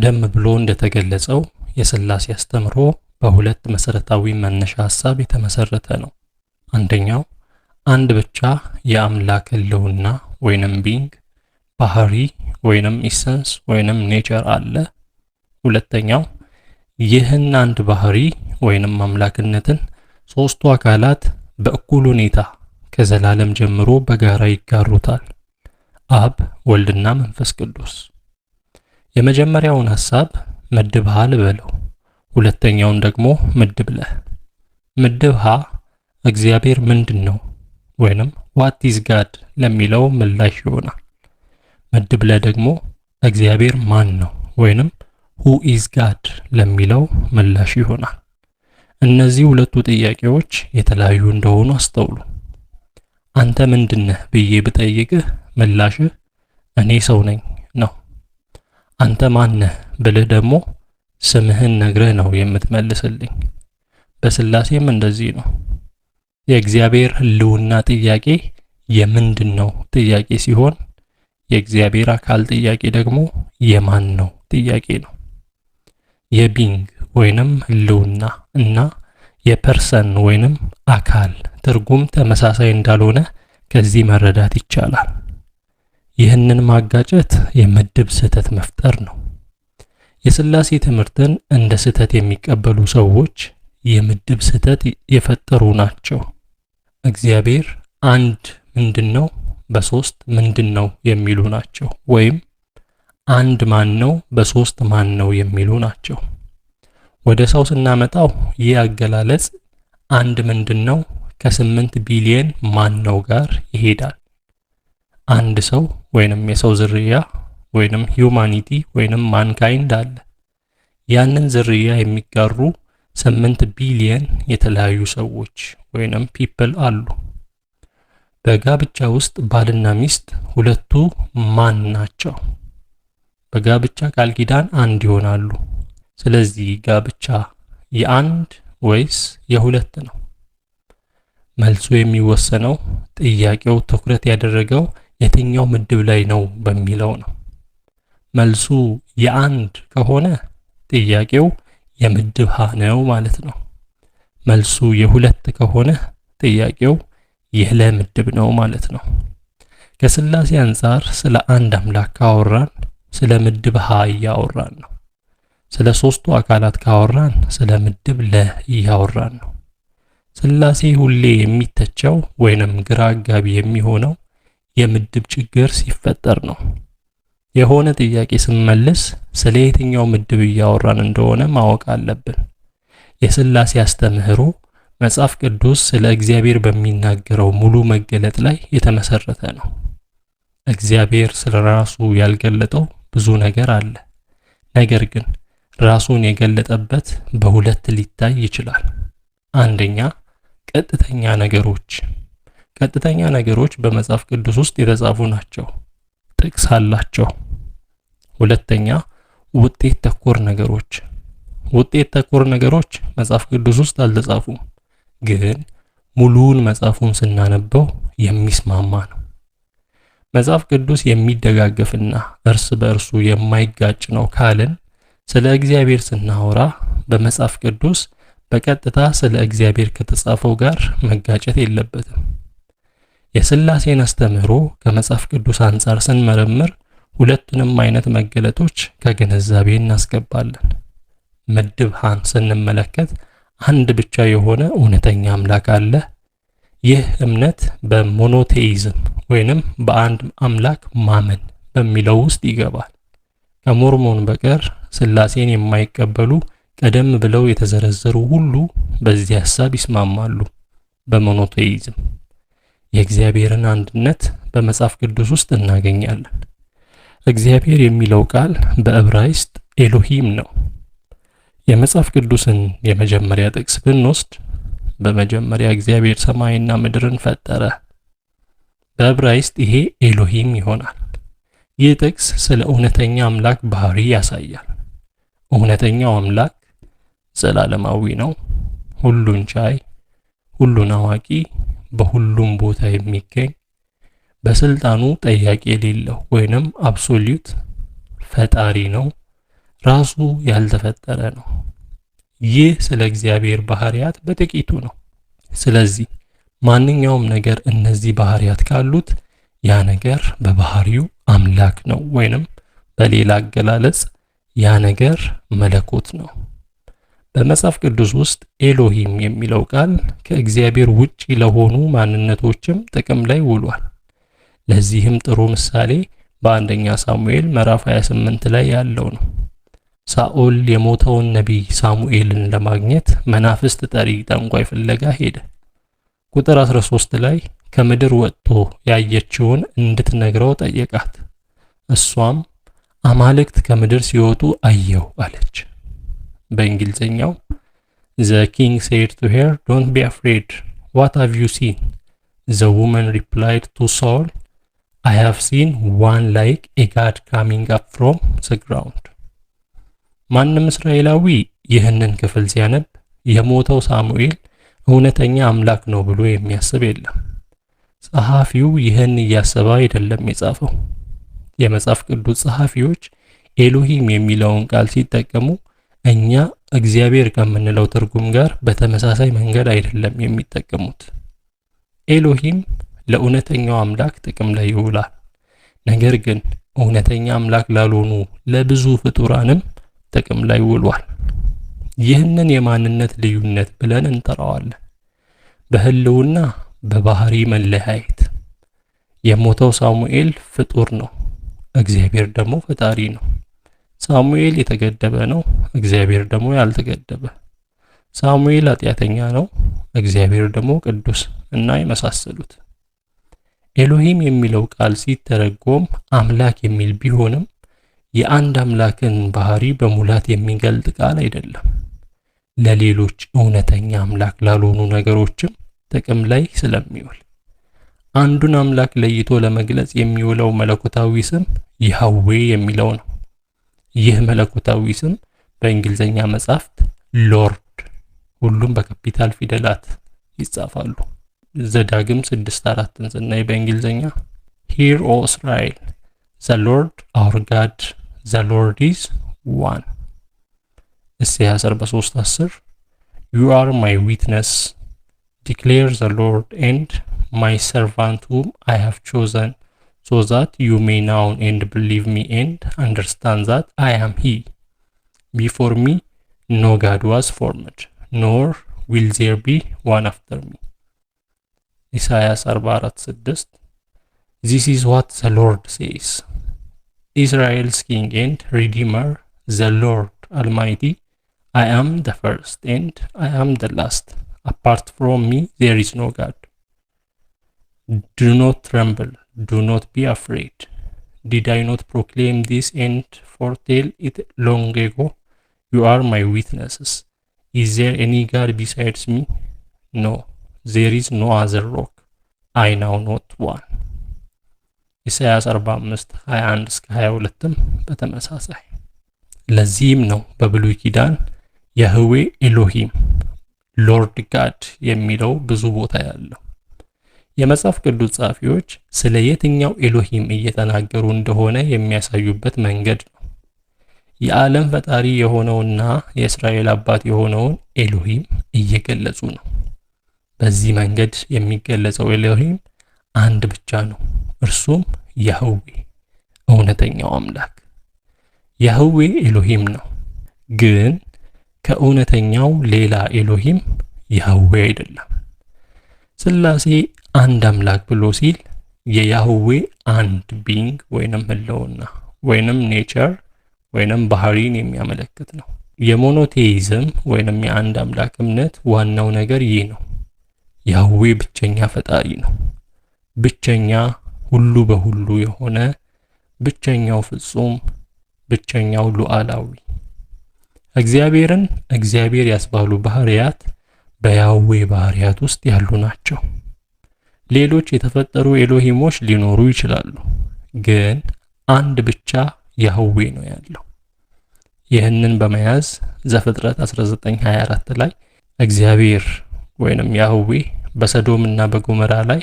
ቀደም ብሎ እንደተገለጸው የሥላሴ አስተምሮ በሁለት መሠረታዊ መነሻ ሐሳብ የተመሠረተ ነው። አንደኛው አንድ ብቻ የአምላክ ለውና ወይንም ቢንግ ባህሪ ወይንም ኢሰንስ ወይንም ኔቸር አለ። ሁለተኛው ይህን አንድ ባህሪ ወይንም አምላክነትን ሦስቱ አካላት በእኩል ሁኔታ ከዘላለም ጀምሮ በጋራ ይጋሩታል፣ አብ ወልድና መንፈስ ቅዱስ። የመጀመሪያውን ሐሳብ ምድብ ሀ ልበለው፣ ሁለተኛውን ደግሞ ምድብ ለ። ምድብ ሀ እግዚአብሔር ምንድን ነው ወይንም ዋት ኢዝ ጋድ ለሚለው ምላሽ ይሆናል። ምድብ ለ ደግሞ እግዚአብሔር ማን ነው ወይንም ሁ ኢዝ ጋድ ለሚለው ምላሽ ይሆናል። እነዚህ ሁለቱ ጥያቄዎች የተለያዩ እንደሆኑ አስተውሉ። አንተ ምንድነህ ብዬ ብጠይቅህ ምላሽህ እኔ ሰው ነኝ አንተ ማነህ ብልህ ደግሞ ስምህን ነግረህ ነው የምትመልስልኝ። በስላሴም እንደዚህ ነው። የእግዚአብሔር ህልውና ጥያቄ የምንድን ነው ጥያቄ ሲሆን የእግዚአብሔር አካል ጥያቄ ደግሞ የማን ነው ጥያቄ ነው። የቢንግ ወይንም ህልውና እና የፐርሰን ወይንም አካል ትርጉም ተመሳሳይ እንዳልሆነ ከዚህ መረዳት ይቻላል። ይህንን ማጋጨት የምድብ ስህተት መፍጠር ነው። የስላሴ ትምህርትን እንደ ስህተት የሚቀበሉ ሰዎች የምድብ ስህተት የፈጠሩ ናቸው። እግዚአብሔር አንድ ምንድን ነው፣ በሶስት ምንድን ነው የሚሉ ናቸው። ወይም አንድ ማን ነው፣ በሶስት ማን ነው የሚሉ ናቸው። ወደ ሰው ስናመጣው ይህ አገላለጽ አንድ ምንድን ነው ከስምንት ቢሊየን ማን ነው ጋር ይሄዳል። አንድ ሰው ወይንም የሰው ዝርያ ወይንም ሂዩማኒቲ ወይንም ማንካይንድ አለ። ያንን ዝርያ የሚጋሩ ስምንት ቢሊየን የተለያዩ ሰዎች ወይንም ፒፕል አሉ። በጋብቻ ውስጥ ባልና ሚስት ሁለቱ ማን ናቸው? በጋብቻ ቃል ኪዳን አንድ ይሆናሉ። ስለዚህ ጋብቻ የአንድ ወይስ የሁለት ነው? መልሱ የሚወሰነው ጥያቄው ትኩረት ያደረገው የትኛው ምድብ ላይ ነው በሚለው ነው። መልሱ የአንድ ከሆነ ጥያቄው የምድብ ሀ ነው ማለት ነው። መልሱ የሁለት ከሆነ ጥያቄው የለ ምድብ ነው ማለት ነው። ከስላሴ አንጻር ስለ አንድ አምላክ ካወራን ስለ ምድብ ሀ እያወራን ነው። ስለ ሶስቱ አካላት ካወራን ስለ ምድብ ለ እያወራን ነው። ስላሴ ሁሌ የሚተቸው ወይንም ግራ አጋቢ የሚሆነው የምድብ ችግር ሲፈጠር ነው። የሆነ ጥያቄ ስንመልስ ስለ የትኛው ምድብ እያወራን እንደሆነ ማወቅ አለብን። የስላሴ አስተምህሮ መጽሐፍ ቅዱስ ስለ እግዚአብሔር በሚናገረው ሙሉ መገለጥ ላይ የተመሰረተ ነው። እግዚአብሔር ስለ ራሱ ያልገለጠው ብዙ ነገር አለ። ነገር ግን ራሱን የገለጠበት በሁለት ሊታይ ይችላል። አንደኛ ቀጥተኛ ነገሮች ቀጥተኛ ነገሮች በመጽሐፍ ቅዱስ ውስጥ የተጻፉ ናቸው፣ ጥቅስ አላቸው። ሁለተኛ ውጤት ተኮር ነገሮች። ውጤት ተኮር ነገሮች መጽሐፍ ቅዱስ ውስጥ አልተጻፉም፣ ግን ሙሉውን መጽሐፉን ስናነበው የሚስማማ ነው። መጽሐፍ ቅዱስ የሚደጋገፍና እርስ በእርሱ የማይጋጭ ነው ካልን ስለ እግዚአብሔር ስናወራ በመጽሐፍ ቅዱስ በቀጥታ ስለ እግዚአብሔር ከተጻፈው ጋር መጋጨት የለበትም። የሥላሴን አስተምህሮ ከመጽሐፍ ቅዱስ አንጻር ስንመረምር ሁለቱንም አይነት መገለጦች ከግንዛቤ እናስገባለን። ምድብ ሃን ስንመለከት አንድ ብቻ የሆነ እውነተኛ አምላክ አለ። ይህ እምነት በሞኖቴይዝም ወይንም በአንድ አምላክ ማመን በሚለው ውስጥ ይገባል። ከሞርሞን በቀር ሥላሴን የማይቀበሉ ቀደም ብለው የተዘረዘሩ ሁሉ በዚህ ሐሳብ ይስማማሉ በሞኖቴይዝም የእግዚአብሔርን አንድነት በመጽሐፍ ቅዱስ ውስጥ እናገኛለን። እግዚአብሔር የሚለው ቃል በዕብራይስጥ ኤሎሂም ነው። የመጽሐፍ ቅዱስን የመጀመሪያ ጥቅስ ብንወስድ በመጀመሪያ እግዚአብሔር ሰማይና ምድርን ፈጠረ። በዕብራይስጥ ይሄ ኤሎሂም ይሆናል። ይህ ጥቅስ ስለ እውነተኛ አምላክ ባህሪ ያሳያል። እውነተኛው አምላክ ዘላለማዊ ነው፣ ሁሉን ቻይ፣ ሁሉን አዋቂ በሁሉም ቦታ የሚገኝ በስልጣኑ ጠያቂ የሌለው ወይንም አብሶሊዩት ፈጣሪ ነው። ራሱ ያልተፈጠረ ነው። ይህ ስለ እግዚአብሔር ባህሪያት በጥቂቱ ነው። ስለዚህ ማንኛውም ነገር እነዚህ ባህሪያት ካሉት ያ ነገር በባህሪው አምላክ ነው፣ ወይንም በሌላ አገላለጽ ያ ነገር መለኮት ነው። በመጽሐፍ ቅዱስ ውስጥ ኤሎሂም የሚለው ቃል ከእግዚአብሔር ውጪ ለሆኑ ማንነቶችም ጥቅም ላይ ውሏል። ለዚህም ጥሩ ምሳሌ በአንደኛ ሳሙኤል ምዕራፍ 28 ላይ ያለው ነው። ሳኦል የሞተውን ነቢይ ሳሙኤልን ለማግኘት መናፍስት ጠሪ ጠንቋይ ፍለጋ ሄደ። ቁጥር 13 ላይ ከምድር ወጥቶ ያየችውን እንድትነግረው ጠየቃት። እሷም አማልክት ከምድር ሲወጡ አየው አለች። በእንግሊዝኛው ዘ ኪንግ ሴድ ቱ ሄር ዶንት ቢ አፍሬድ ዋት ሃቭ ዩ ሲን ዘ ውመን ሪፕላይድ ቱ ሳውል አይ ሃቭ ሲን ዋን ላይክ ኤ ጋድ ካሚንግ አፕ ፍሮም ዘ ግራውንድ። ማንም እስራኤላዊ ይህንን ክፍል ሲያነብ የሞተው ሳሙኤል እውነተኛ አምላክ ነው ብሎ የሚያስብ የለም። ጸሐፊው ይህን እያሰበ አይደለም የጻፈው። የመጽሐፍ ቅዱስ ጸሐፊዎች ኤሎሂም የሚለውን ቃል ሲጠቀሙ እኛ እግዚአብሔር ከምንለው ትርጉም ጋር በተመሳሳይ መንገድ አይደለም የሚጠቀሙት። ኤሎሂም ለእውነተኛው አምላክ ጥቅም ላይ ይውላል። ነገር ግን እውነተኛ አምላክ ላልሆኑ ለብዙ ፍጡራንም ጥቅም ላይ ውሏል። ይህንን የማንነት ልዩነት ብለን እንጠራዋለን። በህልውና በባህሪ መለያየት የሞተው ሳሙኤል ፍጡር ነው፣ እግዚአብሔር ደግሞ ፈጣሪ ነው። ሳሙኤል የተገደበ ነው፣ እግዚአብሔር ደግሞ ያልተገደበ። ሳሙኤል ኃጢአተኛ ነው፣ እግዚአብሔር ደግሞ ቅዱስ እና የመሳሰሉት። ኤሎሂም የሚለው ቃል ሲተረጎም አምላክ የሚል ቢሆንም የአንድ አምላክን ባህሪ በሙላት የሚገልጥ ቃል አይደለም። ለሌሎች እውነተኛ አምላክ ላልሆኑ ነገሮችም ጥቅም ላይ ስለሚውል አንዱን አምላክ ለይቶ ለመግለጽ የሚውለው መለኮታዊ ስም ይሃዌ የሚለው ነው። ይህ መለኮታዊ ስም በእንግሊዝኛ መጻሕፍት ሎርድ ሁሉም በካፒታል ፊደላት ይጻፋሉ። ዘዳግም 6:4ን ስናይ በእንግሊዝኛ ሂር ኦ እስራኤል ዘ ሎርድ አወር ጋድ ዘ ሎርድ ኢዝ ዋን። ኢሳይያስ 43:10 ዩ አር ማይ ዊትነስ ዲክሌር ዘ ሎርድ ኤንድ ማይ ሰርቫንት ሁም አይ ሃቭ ቾዘን so that you may now and believe me and understand that I am He. Before me, no God was formed, nor will there be one after me. ኢሳያስ 44:6 This is what the Lord says. Israel's King and Redeemer, the Lord Almighty, I am the first and I am the last. Apart from me, there is no God. Do not tremble Do not be afraid. Did I not proclaim this and foretell it long ago? You are my witnesses. Is there any God besides me? No, there is no other rock. I know not one. ኢሳያስ 45 21 እስከ 22ም በተመሳሳይ ለዚህም ነው በብሉይ ኪዳን የህዌ ኤሎሂም ሎርድ ጋድ የሚለው ብዙ ቦታ ያለው የመጽሐፍ ቅዱስ ጸሐፊዎች ስለ የትኛው ኤሎሂም እየተናገሩ እንደሆነ የሚያሳዩበት መንገድ ነው። የዓለም ፈጣሪ የሆነውና የእስራኤል አባት የሆነውን ኤሎሂም እየገለጹ ነው። በዚህ መንገድ የሚገለጸው ኤሎሂም አንድ ብቻ ነው። እርሱም ያህዌ እውነተኛው አምላክ ያህዌ ኤሎሂም ነው። ግን ከእውነተኛው ሌላ ኤሎሂም ያህዌ አይደለም። ስላሴ አንድ አምላክ ብሎ ሲል የያህዌ አንድ ቢንግ ወይንም ህልውና ወይንም ኔቸር ወይንም ባህሪን የሚያመለክት ነው። የሞኖቴይዝም ወይንም የአንድ አምላክ እምነት ዋናው ነገር ይህ ነው። ያህዌ ብቸኛ ፈጣሪ ነው። ብቸኛ ሁሉ በሁሉ የሆነ ብቸኛው ፍጹም፣ ብቸኛው ሉዓላዊ እግዚአብሔርን እግዚአብሔር ያስባሉ ባህሪያት በያህዌ ባህሪያት ውስጥ ያሉ ናቸው። ሌሎች የተፈጠሩ ኤሎሂሞች ሊኖሩ ይችላሉ፣ ግን አንድ ብቻ ያህዌ ነው ያለው። ይህንን በመያዝ ዘፍጥረት 19:24 ላይ እግዚአብሔር ወይንም ያህዌ በሰዶም እና በጎመራ ላይ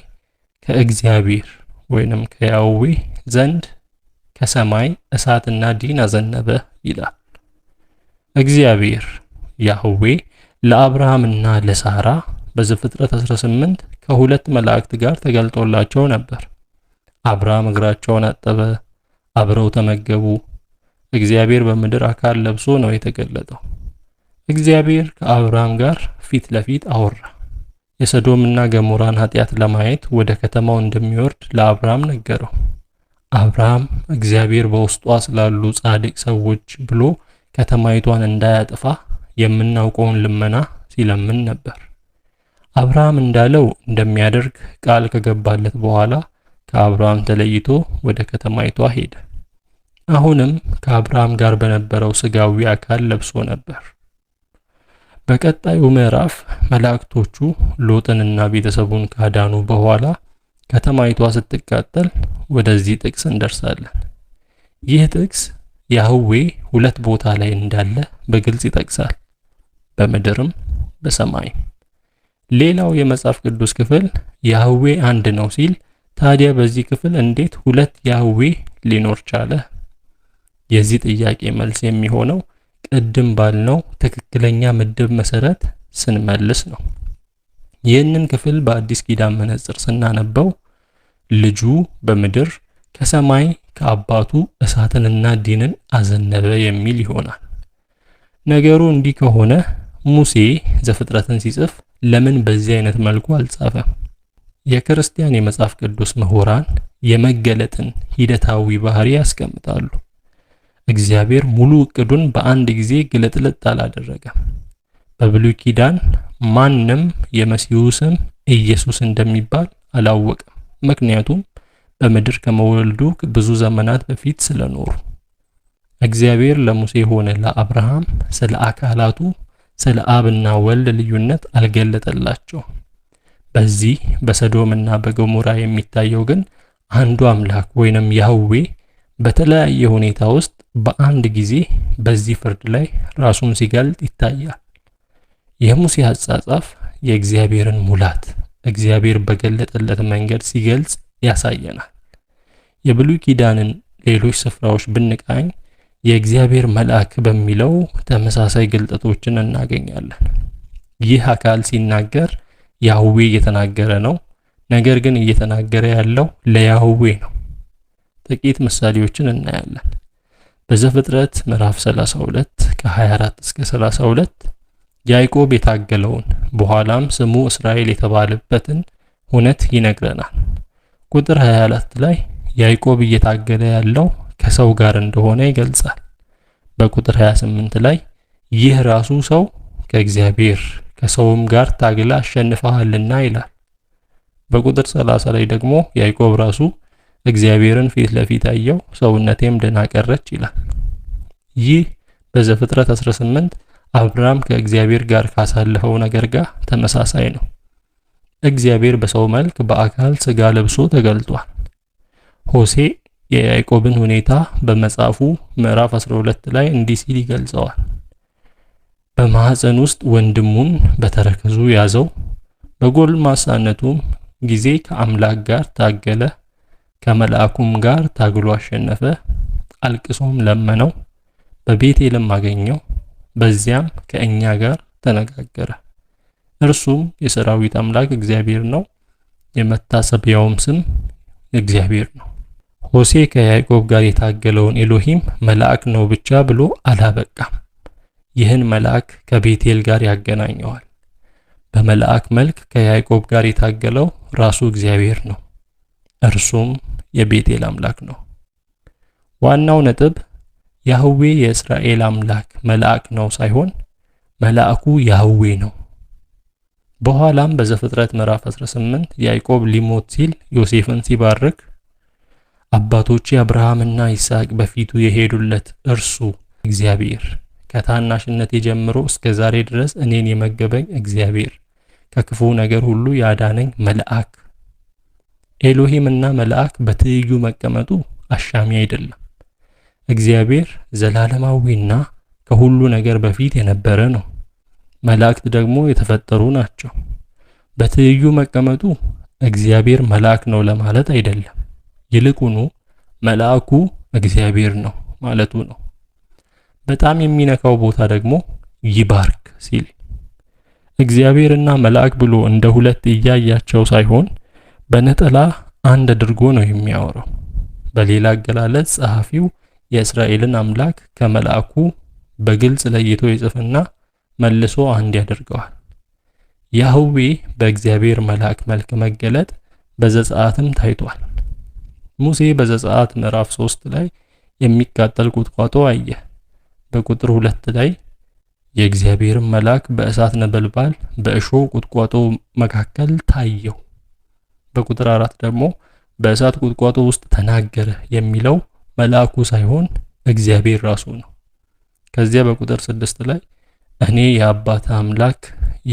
ከእግዚአብሔር ወይንም ከያህዌ ዘንድ ከሰማይ እሳትና ዲን አዘነበ ይላል። እግዚአብሔር ያህዌ ለአብርሃምና ለሳራ በዘፍጥረት 18 ከሁለት መላእክት ጋር ተገልጦላቸው ነበር። አብርሃም እግራቸውን አጠበ፣ አብረው ተመገቡ። እግዚአብሔር በምድር አካል ለብሶ ነው የተገለጠው። እግዚአብሔር ከአብርሃም ጋር ፊት ለፊት አወራ። የሰዶምና ገሞራን ኃጢአት ለማየት ወደ ከተማው እንደሚወርድ ለአብርሃም ነገረው። አብርሃም እግዚአብሔር በውስጧ ስላሉ ጻድቅ ሰዎች ብሎ ከተማይቷን እንዳያጠፋ የምናውቀውን ልመና ሲለምን ነበር። አብርሃም እንዳለው እንደሚያደርግ ቃል ከገባለት በኋላ ከአብርሃም ተለይቶ ወደ ከተማይቷ ሄደ። አሁንም ከአብርሃም ጋር በነበረው ስጋዊ አካል ለብሶ ነበር። በቀጣዩ ምዕራፍ መላእክቶቹ ሎጥንና ቤተሰቡን ካዳኑ በኋላ ከተማይቷ ስትቃጠል ወደዚህ ጥቅስ እንደርሳለን። ይህ ጥቅስ ያህዌ ሁለት ቦታ ላይ እንዳለ በግልጽ ይጠቅሳል፣ በምድርም በሰማይም። ሌላው የመጽሐፍ ቅዱስ ክፍል ያህዌ አንድ ነው ሲል፣ ታዲያ በዚህ ክፍል እንዴት ሁለት ያህዌ ሊኖር ቻለ? የዚህ ጥያቄ መልስ የሚሆነው ቅድም ባልነው ትክክለኛ ምድብ መሰረት ስንመልስ ነው። ይህንን ክፍል በአዲስ ኪዳን መነጽር ስናነበው ልጁ በምድር ከሰማይ ከአባቱ እሳትንና ዲንን አዘነበ የሚል ይሆናል። ነገሩ እንዲህ ከሆነ ሙሴ ዘፍጥረትን ሲጽፍ ለምን በዚህ አይነት መልኩ አልጻፈም? የክርስቲያን የመጽሐፍ ቅዱስ ምሁራን የመገለጥን ሂደታዊ ባህሪ ያስቀምጣሉ። እግዚአብሔር ሙሉ እቅዱን በአንድ ጊዜ ግልጥልጥ አላደረገም። በብሉይ ኪዳን ማንም የመሲሁ ስም ኢየሱስ እንደሚባል አላወቀም። ምክንያቱም በምድር ከመወልዱ ብዙ ዘመናት በፊት ስለኖሩ። እግዚአብሔር ለሙሴ ሆነ ለአብርሃም ስለ አካላቱ ስለ አብና ወልድ ልዩነት አልገለጠላቸው። በዚህ በሰዶምና በገሞራ የሚታየው ግን አንዱ አምላክ ወይንም ያህዌ በተለያየ ሁኔታ ውስጥ በአንድ ጊዜ በዚህ ፍርድ ላይ ራሱን ሲገልጥ ይታያል። የሙሴ አጻጻፍ የእግዚአብሔርን ሙላት እግዚአብሔር በገለጠለት መንገድ ሲገልጽ ያሳየናል። የብሉይ ኪዳንን ሌሎች ስፍራዎች ብንቃኝ የእግዚአብሔር መልአክ በሚለው ተመሳሳይ ግልጠቶችን እናገኛለን። ይህ አካል ሲናገር ያህዌ እየተናገረ ነው። ነገር ግን እየተናገረ ያለው ለያህዌ ነው። ጥቂት ምሳሌዎችን እናያለን። በዘፍጥረት ምዕራፍ 32 ከ24 እስከ 32 ያዕቆብ የታገለውን በኋላም ስሙ እስራኤል የተባለበትን ሁነት ይነግረናል። ቁጥር 24 ላይ ያዕቆብ እየታገለ ያለው ከሰው ጋር እንደሆነ ይገልጻል። በቁጥር 28 ላይ ይህ ራሱ ሰው ከእግዚአብሔር ከሰውም ጋር ታግላ አሸንፈሃልና ይላል። በቁጥር 30 ላይ ደግሞ ያዕቆብ ራሱ እግዚአብሔርን ፊት ለፊት አየው፣ ሰውነቴም ደና ቀረች ይላል። ይህ በዘፍጥረት 18 አብርሃም ከእግዚአብሔር ጋር ካሳለፈው ነገር ጋር ተመሳሳይ ነው። እግዚአብሔር በሰው መልክ በአካል ስጋ ለብሶ ተገልጧል። ሆሴዕ የያዕቆብን ሁኔታ በመጽሐፉ ምዕራፍ 12 ላይ እንዲህ ሲል ይገልጸዋል። በማኅፀን ውስጥ ወንድሙን በተረከዙ ያዘው፣ በጎልማሳነቱም ጊዜ ከአምላክ ጋር ታገለ፣ ከመልአኩም ጋር ታግሎ አሸነፈ። አልቅሶም ለመነው፣ በቤቴልም አገኘው፣ በዚያም ከእኛ ጋር ተነጋገረ። እርሱም የሰራዊት አምላክ እግዚአብሔር ነው፣ የመታሰቢያውም ስም እግዚአብሔር ነው። ሆሴ ከያዕቆብ ጋር የታገለውን ኤሎሂም መልአክ ነው ብቻ ብሎ አላበቃም። ይህን መልአክ ከቤቴል ጋር ያገናኘዋል። በመልአክ መልክ ከያዕቆብ ጋር የታገለው ራሱ እግዚአብሔር ነው። እርሱም የቤቴል አምላክ ነው። ዋናው ነጥብ ያህዌ የእስራኤል አምላክ መልአክ ነው ሳይሆን መልአኩ ያህዌ ነው። በኋላም በዘፍጥረት ምዕራፍ 18 ያዕቆብ ሊሞት ሲል ዮሴፍን ሲባርክ አባቶች አብርሃምና ይስሐቅ በፊቱ የሄዱለት እርሱ እግዚአብሔር ከታናሽነቴ ጀምሮ እስከ ዛሬ ድረስ እኔን የመገበኝ እግዚአብሔር ከክፉ ነገር ሁሉ ያዳነኝ መልአክ ኤሎሂም እና መልአክ በትይዩ መቀመጡ አሻሚ አይደለም። እግዚአብሔር ዘላለማዊና ከሁሉ ነገር በፊት የነበረ ነው። መላእክት ደግሞ የተፈጠሩ ናቸው። በትይዩ መቀመጡ እግዚአብሔር መልአክ ነው ለማለት አይደለም። ይልቁኑ መልአኩ እግዚአብሔር ነው ማለቱ ነው። በጣም የሚነካው ቦታ ደግሞ ይባርክ ሲል እግዚአብሔርና መልአክ ብሎ እንደ ሁለት እያያቸው ሳይሆን በነጠላ አንድ አድርጎ ነው የሚያወራው። በሌላ አገላለጽ ጸሐፊው የእስራኤልን አምላክ ከመልአኩ በግልጽ ለይቶ ይጽፍና መልሶ አንድ ያደርገዋል። ያህዌ በእግዚአብሔር መልአክ መልክ መገለጥ በዘጸአትም ታይቷል። ሙሴ በዘጸአት ምዕራፍ 3 ላይ የሚቃጠል ቁጥቋጦ አየ። በቁጥር ሁለት ላይ የእግዚአብሔርን መልአክ በእሳት ነበልባል በእሾህ ቁጥቋጦ መካከል ታየው። በቁጥር 4 ደግሞ በእሳት ቁጥቋጦ ውስጥ ተናገረ የሚለው መልአኩ ሳይሆን እግዚአብሔር ራሱ ነው። ከዚያ በቁጥር ስድስት ላይ እኔ የአባት አምላክ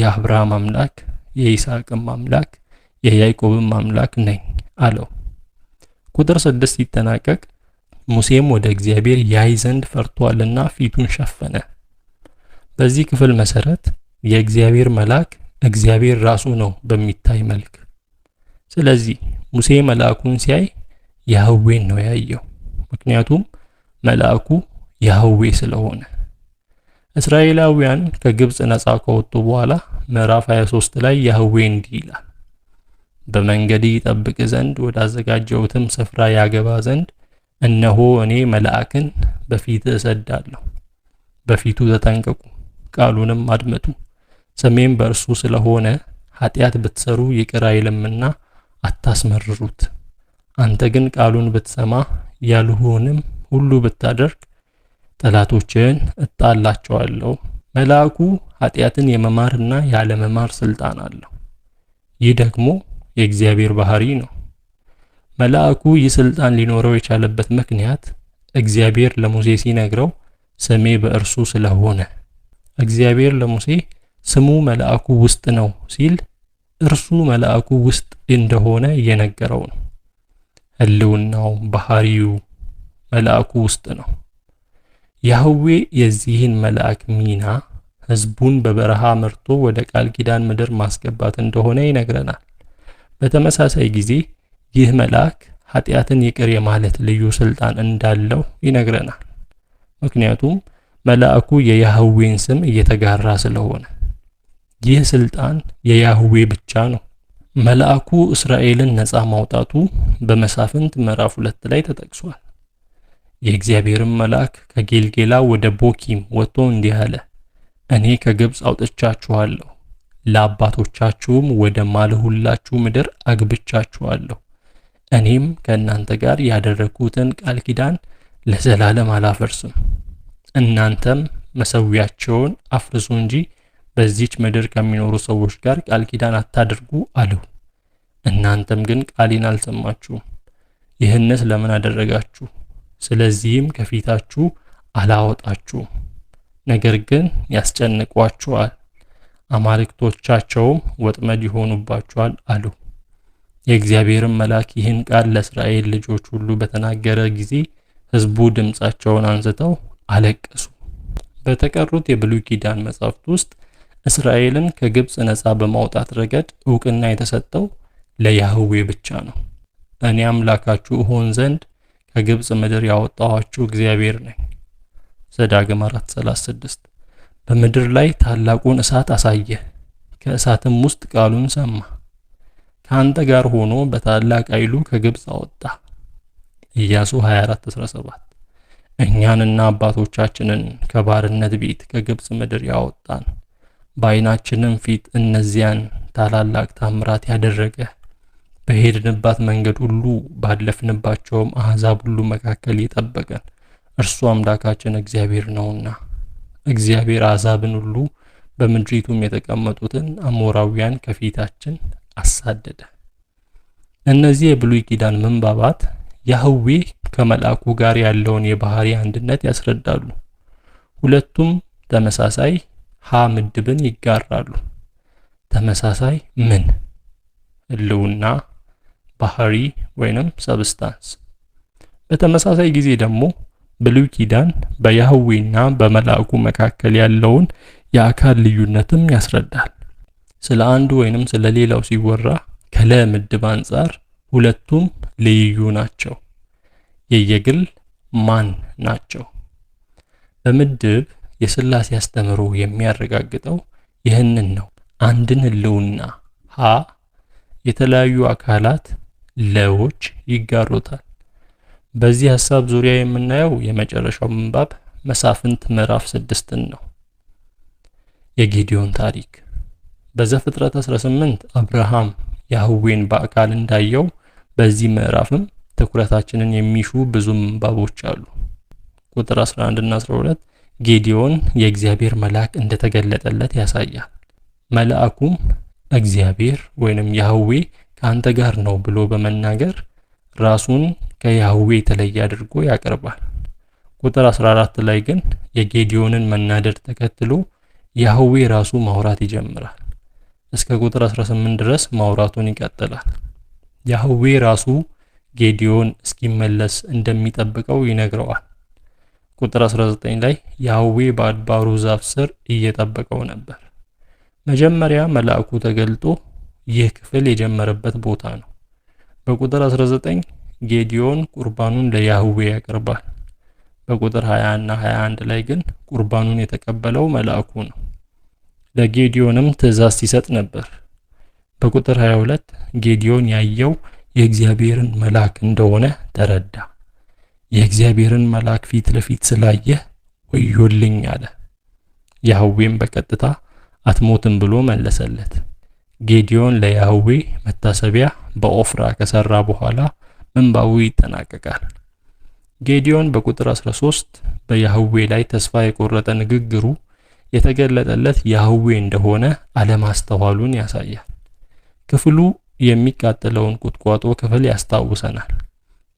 የአብርሃም አምላክ የይስሐቅም አምላክ የያዕቆብም አምላክ ነኝ አለው። ቁጥር ስድስት ሲጠናቀቅ ሙሴም ወደ እግዚአብሔር ያይ ዘንድ ፈርቷልና ፊቱን ሸፈነ። በዚህ ክፍል መሰረት የእግዚአብሔር መልአክ እግዚአብሔር ራሱ ነው በሚታይ መልክ። ስለዚህ ሙሴ መልአኩን ሲያይ ያህዌን ነው ያየው፣ ምክንያቱም መልአኩ ያህዌ ስለሆነ። እስራኤላውያን ከግብፅ ነፃ ከወጡ በኋላ ምዕራፍ 23 ላይ ያህዌ እንዲህ ይላል በመንገድ ይጠብቅ ዘንድ ወዳዘጋጀሁትም ስፍራ ያገባ ዘንድ እነሆ እኔ መልአክን በፊት እሰዳለሁ። በፊቱ ተጠንቀቁ፣ ቃሉንም አድምጡ። ስሜም በእርሱ ስለሆነ ኃጢአት ብትሰሩ ይቅር አይልምና አታስመርሩት። አንተ ግን ቃሉን ብትሰማ ያልሁንም ሁሉ ብታደርግ ጠላቶችህን እጣላቸዋለሁ። መልአኩ ኃጢአትን የመማርና ያለመማር ስልጣን አለው። ይህ ደግሞ የእግዚአብሔር ባህሪ ነው። መልአኩ ይህ ስልጣን ሊኖረው የቻለበት ምክንያት እግዚአብሔር ለሙሴ ሲነግረው ስሜ በእርሱ ስለሆነ እግዚአብሔር ለሙሴ ስሙ መልአኩ ውስጥ ነው ሲል እርሱ መልአኩ ውስጥ እንደሆነ እየነገረው ነው። ህልውናው፣ ባህሪው መልአኩ ውስጥ ነው። ያህዌ የዚህን መልአክ ሚና ህዝቡን በበረሃ መርቶ ወደ ቃል ኪዳን ምድር ማስገባት እንደሆነ ይነግረናል። በተመሳሳይ ጊዜ ይህ መልአክ ኃጢአትን ይቅር የማለት ልዩ ስልጣን እንዳለው ይነግረናል። ምክንያቱም መልአኩ የያህዌን ስም እየተጋራ ስለሆነ። ይህ ስልጣን የያህዌ ብቻ ነው። መልአኩ እስራኤልን ነፃ ማውጣቱ በመሳፍንት ምዕራፍ ሁለት ላይ ተጠቅሷል። የእግዚአብሔርን መልአክ ከጌልጌላ ወደ ቦኪም ወጥቶ እንዲህ አለ፣ እኔ ከግብፅ አውጥቻችኋለሁ ለአባቶቻችሁም ወደ ማልሁላችሁ ምድር አግብቻችኋለሁ። እኔም ከእናንተ ጋር ያደረግኩትን ቃል ኪዳን ለዘላለም አላፈርስም። እናንተም መሰዊያቸውን አፍርሱ እንጂ በዚች ምድር ከሚኖሩ ሰዎች ጋር ቃል ኪዳን አታድርጉ አልሁ። እናንተም ግን ቃሌን አልሰማችሁም። ይህንስ ለምን አደረጋችሁ? ስለዚህም ከፊታችሁ አላወጣችሁም፣ ነገር ግን ያስጨንቋችኋል አማልክቶቻቸውም ወጥመድ ይሆኑባቸዋል አሉ። የእግዚአብሔርን መልአክ ይህን ቃል ለእስራኤል ልጆች ሁሉ በተናገረ ጊዜ ሕዝቡ ድምፃቸውን አንስተው አለቀሱ። በተቀሩት የብሉይ ኪዳን መጻሕፍት ውስጥ እስራኤልን ከግብፅ ነፃ በማውጣት ረገድ እውቅና የተሰጠው ለያህዌ ብቻ ነው። እኔ አምላካችሁ እሆን ዘንድ ከግብፅ ምድር ያወጣኋችሁ እግዚአብሔር ነኝ። ዘዳግም 436 በምድር ላይ ታላቁን እሳት አሳየ። ከእሳትም ውስጥ ቃሉን ሰማ። ከአንተ ጋር ሆኖ በታላቅ ኃይሉ ከግብፅ አወጣ። ኢያሱ 24:17 እኛንና አባቶቻችንን ከባርነት ቤት ከግብፅ ምድር ያወጣን በዓይናችንም ፊት እነዚያን ታላላቅ ታምራት ያደረገ በሄድንባት መንገድ ሁሉ ባለፍንባቸውም አሕዛብ ሁሉ መካከል የጠበቀን እርሱ አምላካችን እግዚአብሔር ነውና እግዚአብሔር አሕዛብን ሁሉ በምድሪቱም የተቀመጡትን አሞራውያን ከፊታችን አሳደደ። እነዚህ የብሉይ ኪዳን ምንባባት ያህዌ ከመልአኩ ጋር ያለውን የባህሪ አንድነት ያስረዳሉ። ሁለቱም ተመሳሳይ ሀ ምድብን ይጋራሉ። ተመሳሳይ ምን ህልውና፣ ባህሪ ወይንም ሰብስታንስ። በተመሳሳይ ጊዜ ደግሞ ብሉይ ኪዳን በያህዌና በመላእኩ መካከል ያለውን የአካል ልዩነትም ያስረዳል። ስለ አንዱ ወይንም ስለ ሌላው ሲወራ ከለ ምድብ አንጻር ሁለቱም ልዩ ናቸው፣ የየግል ማን ናቸው። በምድብ የሥላሴ አስተምህሮ የሚያረጋግጠው ይህንን ነው። አንድን ህልውና ሀ የተለያዩ አካላት ለዎች ይጋሩታል። በዚህ ሀሳብ ዙሪያ የምናየው የመጨረሻው ምንባብ መሳፍንት ምዕራፍ ስድስትን ነው። የጌዲዮን ታሪክ በዘፍጥረት 18 አብርሃም ያህዌን በአካል እንዳየው በዚህ ምዕራፍም ትኩረታችንን የሚሹ ብዙ ምንባቦች አሉ። ቁጥር 11 እና 12 ጌዲዮን የእግዚአብሔር መልአክ እንደተገለጠለት ያሳያል። መልአኩም እግዚአብሔር ወይንም ያህዌ ከአንተ ጋር ነው ብሎ በመናገር ራሱን ከያህዌ የተለየ አድርጎ ያቀርባል። ቁጥር 14 ላይ ግን የጌዲዮንን መናደድ ተከትሎ ያህዌ ራሱ ማውራት ይጀምራል። እስከ ቁጥር 18 ድረስ ማውራቱን ይቀጥላል። ያህዌ ራሱ ጌዲዮን እስኪመለስ እንደሚጠብቀው ይነግረዋል። ቁጥር 19 ላይ ያህዌ በአድባሩ ዛፍ ስር እየጠበቀው ነበር። መጀመሪያ መልአኩ ተገልጦ ይህ ክፍል የጀመረበት ቦታ ነው። በቁጥር 19 ጌዲዮን ቁርባኑን ለያህዌ ያቀርባል። በቁጥር 20 እና 21 ላይ ግን ቁርባኑን የተቀበለው መልአኩ ነው። ለጌዲዮንም ትእዛዝ ሲሰጥ ነበር። በቁጥር 22 ጌዲዮን ያየው የእግዚአብሔርን መልአክ እንደሆነ ተረዳ። የእግዚአብሔርን መልአክ ፊት ለፊት ስላየ ወዮልኝ አለ። ያህዌም በቀጥታ አትሞትም ብሎ መለሰለት። ጌዲዮን ለያህዌ መታሰቢያ በኦፍራ ከሰራ በኋላ ምንባቡ ይጠናቀቃል። ጌዲዮን በቁጥር 13 በያህዌ ላይ ተስፋ የቆረጠ ንግግሩ የተገለጠለት ያህዌ እንደሆነ አለማስተዋሉን ያሳያል። ክፍሉ የሚቃጠለውን ቁጥቋጦ ክፍል ያስታውሰናል።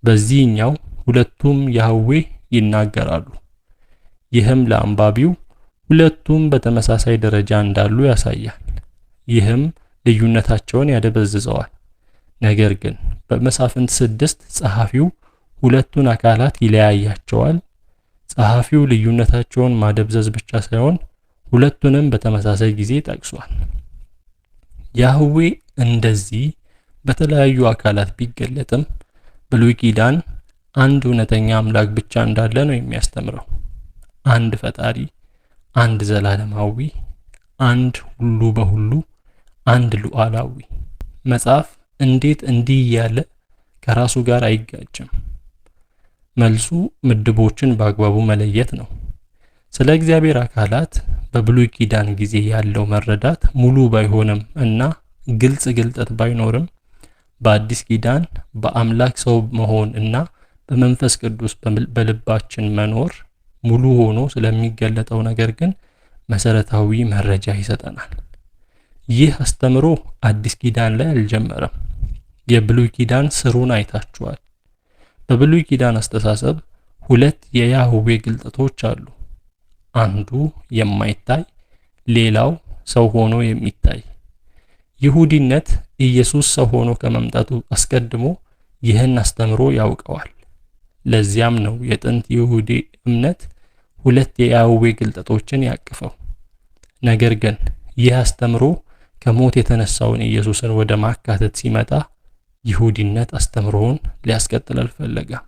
በዚህኛው ሁለቱም ያህዌ ይናገራሉ። ይህም ለአንባቢው ሁለቱም በተመሳሳይ ደረጃ እንዳሉ ያሳያል። ይህም ልዩነታቸውን ያደበዝዘዋል። ነገር ግን በመሳፍንት ስድስት ጸሐፊው ሁለቱን አካላት ይለያያቸዋል። ጸሐፊው ልዩነታቸውን ማደብዘዝ ብቻ ሳይሆን ሁለቱንም በተመሳሳይ ጊዜ ጠቅሷል። ያህዌ እንደዚህ በተለያዩ አካላት ቢገለጥም ብሉይ ኪዳን አንድ እውነተኛ አምላክ ብቻ እንዳለ ነው የሚያስተምረው። አንድ ፈጣሪ፣ አንድ ዘላለማዊ፣ አንድ ሁሉ በሁሉ አንድ ሉዓላዊ መጽሐፍ እንዴት እንዲህ እያለ ከራሱ ጋር አይጋጭም? መልሱ ምድቦችን በአግባቡ መለየት ነው። ስለ እግዚአብሔር አካላት በብሉይ ኪዳን ጊዜ ያለው መረዳት ሙሉ ባይሆንም እና ግልጽ ግልጠት ባይኖርም በአዲስ ኪዳን በአምላክ ሰው መሆን እና በመንፈስ ቅዱስ በልባችን መኖር ሙሉ ሆኖ ስለሚገለጠው ነገር ግን መሰረታዊ መረጃ ይሰጠናል። ይህ አስተምሮ አዲስ ኪዳን ላይ አልጀመረም። የብሉይ ኪዳን ስሩን አይታችኋል። በብሉይ ኪዳን አስተሳሰብ ሁለት የያሁዌ ግልጠቶች አሉ። አንዱ የማይታይ ሌላው ሰው ሆኖ የሚታይ። ይሁዲነት ኢየሱስ ሰው ሆኖ ከመምጣቱ አስቀድሞ ይህን አስተምሮ ያውቀዋል። ለዚያም ነው የጥንት ይሁዲ እምነት ሁለት የያሁዌ ግልጠቶችን ያቅፈው። ነገር ግን ይህ አስተምሮ ከሞት የተነሳውን ኢየሱስን ወደ ማካተት ሲመጣ ይሁዲነት አስተምሮውን ሊያስቀጥል አልፈለገም።